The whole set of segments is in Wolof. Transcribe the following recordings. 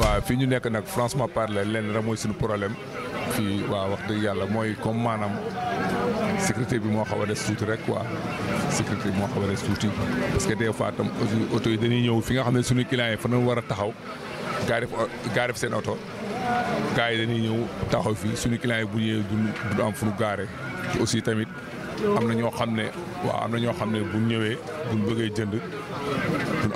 waaw fii ñu nekk nag franchement parler lenn rek mooy suñu problème fii waaw wax dëgg yàlla mooy comme maanaam sécurité bi moo xaw a des tuuti rek waa sécurité bi moo xaw a des tuuti parce que des fois tam oto yi dañuy ñëw fi nga xam ne suñu clients yi fa nañ war a taxaw gaa def gaa def seen oto gaa yi dañuy ñëw taxaw fii suñu clients yi bu ñëwee du am fu nu gaare aussi tamit am na ñoo xam ne waa am na ñoo xam ne buñ ñëwee buñ bëggee jënd duñ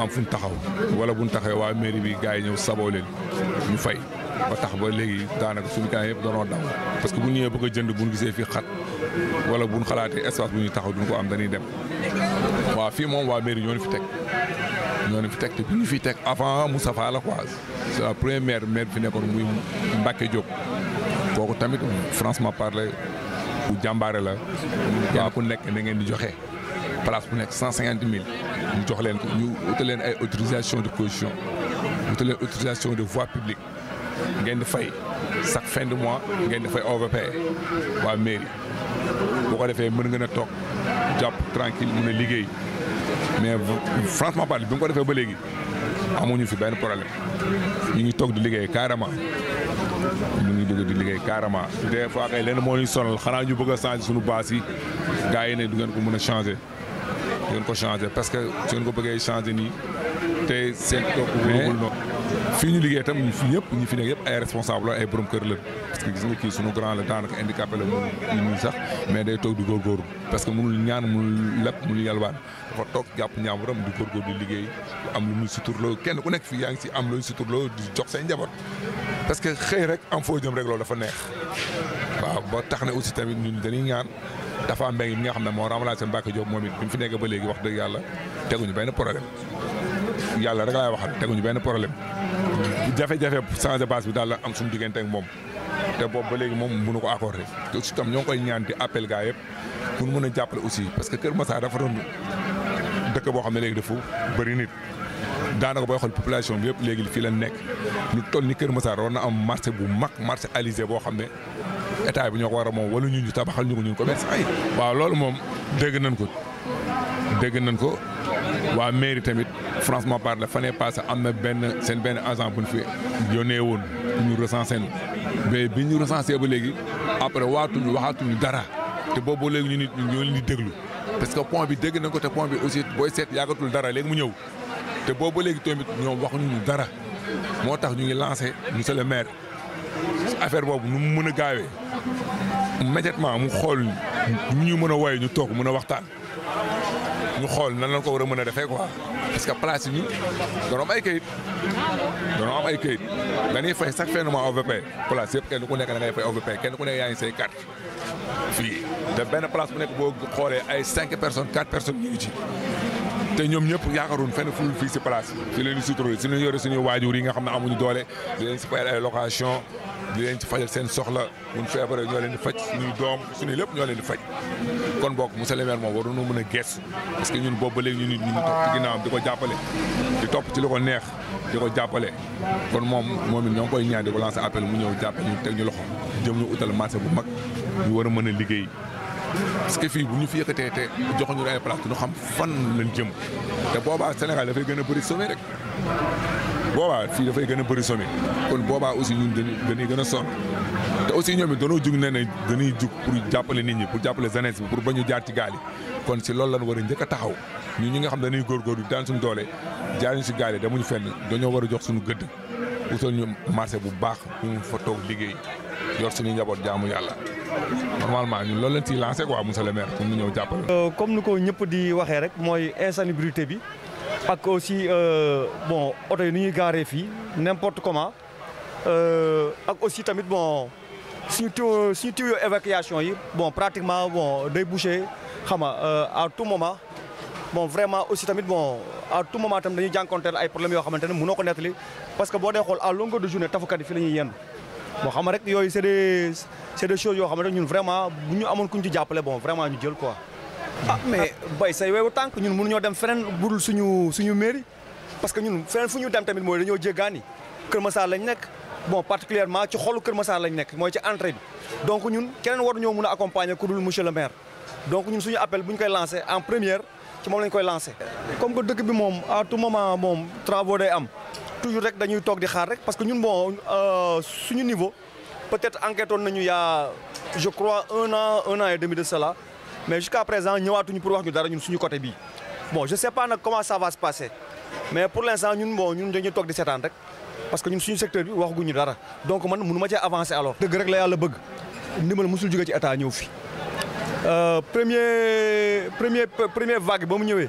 am fuñ taxaw wala buñ taxawee waa mairie bi gars yi ñëw saboo leen ñu fay ba tax ba léegi daanaka suñu kaa yëpp doonoo daw parce que bu ñu ñëwee bëgg jënd bu ñu gisee fii xat wala bu ñu xalaatee espace bu ñuy taxaw duñ ko am dañuy dem waaw fii moom waa mairie ñoo ñu fi teg ñoo ñu fi teg te bu ñu fi teg avant Moustapha la quoi c'est la première maire maire fi nekkoon muy Mbacke Diop kooku tamit franchement parler bu jàmbaare la waaw ku nekk na ngeen di joxe place bu nekk cent cinquante mille ñu jox leen ñu leen ay autorisation de position wutal leen autorisation de voie publique ngeen di fay chaque fin de mois ngeen di fay OVP waa mairie boo ko defee mën ngeen a toog jàpp tranquille mu a liggéey mais franchement parle bi nga ko defee ba léegi amuñu fi benn problème ñu ngi toog di liggéey carrément ñu ngi dugg di liggéey carrément des fois kay lenn moo ñu sonal xanaa ñu bëgg a changer suñu baas yi gars yi ne du ngeen ko mën a changer du ngeen ko changer parce que su ngeen ko bëggee changer nii te seen mais fii ñu liggéey tam fii ñëpp ñu fi nekk yëpp ay responsable ay borom kër la parce que gis nga kii suñu grand la daanaka handicapé la mu ñu sax mais day toog di góor parce que mënul ñaan mënul lepp mënul yalwaan dafa toog jàpp ñaamuram di góorgóor di liggéey am lu muy suturloo kenn ku nekk fii yaa ngi si am looy suturloo di jox say njaboot parce que xëy rek am foo jëm rek loolu dafa neex waaw ba tax ne aussi tamit ñu dañuy ñaan dafa am mbéy mi nga xam ne moo remplacé Mbacke Diop moom it bi mu fi nekk ba léegi wax dëgg yàlla teguñu benn problème yàlla rek laay waxal teguñu benn problème jafe-jafe changé base bi daal la am suñu diggante ak moom te boobu ba léegi moom mënu ko accordé te aussi tam ñoo koy ñaan di appel gars yëpp pour mën a jàppale aussi parce que Kër Massar dafa doon dëkk boo xam ne léegi dafa bëri nit daanaka booy xool population bi yëpp léegi fii la nekk ñu toll ni Kër Massar war na am marché bu mag marché alizé boo xam ne état bi ñoo ko war a moom wala ñun ñu tabaxal ñu ko ñun commerçant waaw loolu moom dégg nañ ko dégg nañ ko wa mairie tamit franchement parle fanee passé am ben sen ben agent bu ñu fi yónnee woon ñu recensé ñu mais bi ñu recensé ba léegi après waatuñu waxaatuñu dara te boobu léegi ñu nit ñoo leen di déglu parce que point bi dégg na ko te point bi aussi booy seet yàggatul dara léegi mu ñew te boobu léegi tamit ñom waxuñu ñu dara motax ñu ngi lancer monsieur le maire affaire bobu nu mëna gaawé immédiatement mu xol ñu mëna a ñu tok mëna a waxtaan. ñu xool nan lañ ko war a mën a defee quoi parce que place yi ñu ay kayit dañoo ay kayit dañuy fay chaque fin de place yëpp kenn ku nekk na ngay fay OVP kenn ku nekk yaa ngi say carte fii te benn place bu nekk boo xoolee ay cinq personnes quatre person ñu ngi ci te ñoom ñëpp yaakaaroon fenn fu fii si place fi leen di suturé si leen yore suñuy waajur yi xam ne amuñu doole di leen si location di leen ci fajal seen soxla buñ feebaree ñoo leen di faj suñuy doom suñuy lépp ñoo leen di faj kon bokk monsieur le maire moom waroon na mën a gees parce ñun boobu ba léegi ñu nit ñu topp ci ginnaawam di ko jàppale di topp ci lu ko neex di ko jàppale kon moom moom it ñoo ngi koy ñaan di ko lancer appel mu ñëw jàppale ñu teg ñu loxo jëm ñu utal marché bu mag ñu war a mën a liggéey parce fii bu ñu fi yëkkatee te jox joxuñu ay place ñu xam fan lañ jëm te boobaa Sénégal dafay gën a bëri sommet rek boobaa fii dafay gën a bëri sommet kon boobaa aussi ñun dañuy gën a sonn te aussi ñoom it dañoo jug ne ne dañuy jug pour jàppale nit ñi pour jàppale jeunesse bi pour ba ñu jaar ci gaal yi kon si loolu lañ war a njëkk a taxaw ñu ñi nga xam dañuy góorgóorlu daan suñu doole jaariñ si gaal yi demuñu fenn dañoo war a jox suñu gëdd utal ñu marché bu baax ñu fa toog liggéey yor suñu njaboot jaamu yàlla normalement ñun loolu lañ ciy lancé quoi monsieur le maire pour mu ñëw jàppale. Euh, comme ni ko ñëpp di waxee rek mooy insalubrité bi ak aussi euh, bon oto yi nu ñuy gaaree fii n'importe comment euh, ak aussi tamit bon suñu tuyau suñu tuyau évacuation yi bon pratiquement bon day bouché xam nga à tout moment. bon vraiment aussi tamit bon à tout moment tamit dañuy jànkonteel ay problèmes yoo xamante ne mënoo ko nettali parce que boo dee xool à longueur de journée tafukat yi fi la ñuy yenn moo xam rek yooyu c'est des c'est yoo xam ne rek ñun vraiment bu ñu amoon ku ñu ci jàppale bon vraiment ñu jël quoi. ah mais bay say weewu tànk ñun mënuñoo dem feneen budul suñu suñu mairie parce que ñun feneen fu ñu dem tamit mooy dañoo jéggaani Kër Massar lañ nekk bon particulièrement ci xolu Kër Massar lañ nekk mooy ci entrée bi donc ñun keneen war ñoo mun a accompagner ku dul monsieur le maire donc ñun suñu appel bu ñu koy lancé en première ci moom lañ koy lancé. comme que dëkk bi moom à tout moment moom travaux day am. toujours rek dañuy tok di xaar rek parce que ñun bon euh, suñu niveau peut-être enquêté woon nañu ya je crois un an un an et demi de cela mais jusqu'à présent ñëwaatuñu pour wax ñu dara ñun suñu côté bi bon je sais pas nak comment ça va se passer mais pour l'instant ñun bon ñun dañuy tok di seetaan rek parce que ñun suñu secteur bi ñu dara donc man mënu ma avancer alors. deug rek la yalla bëgg ndimbal musul jóge ci état ñëw fi euh, premier premier premier vague ba mu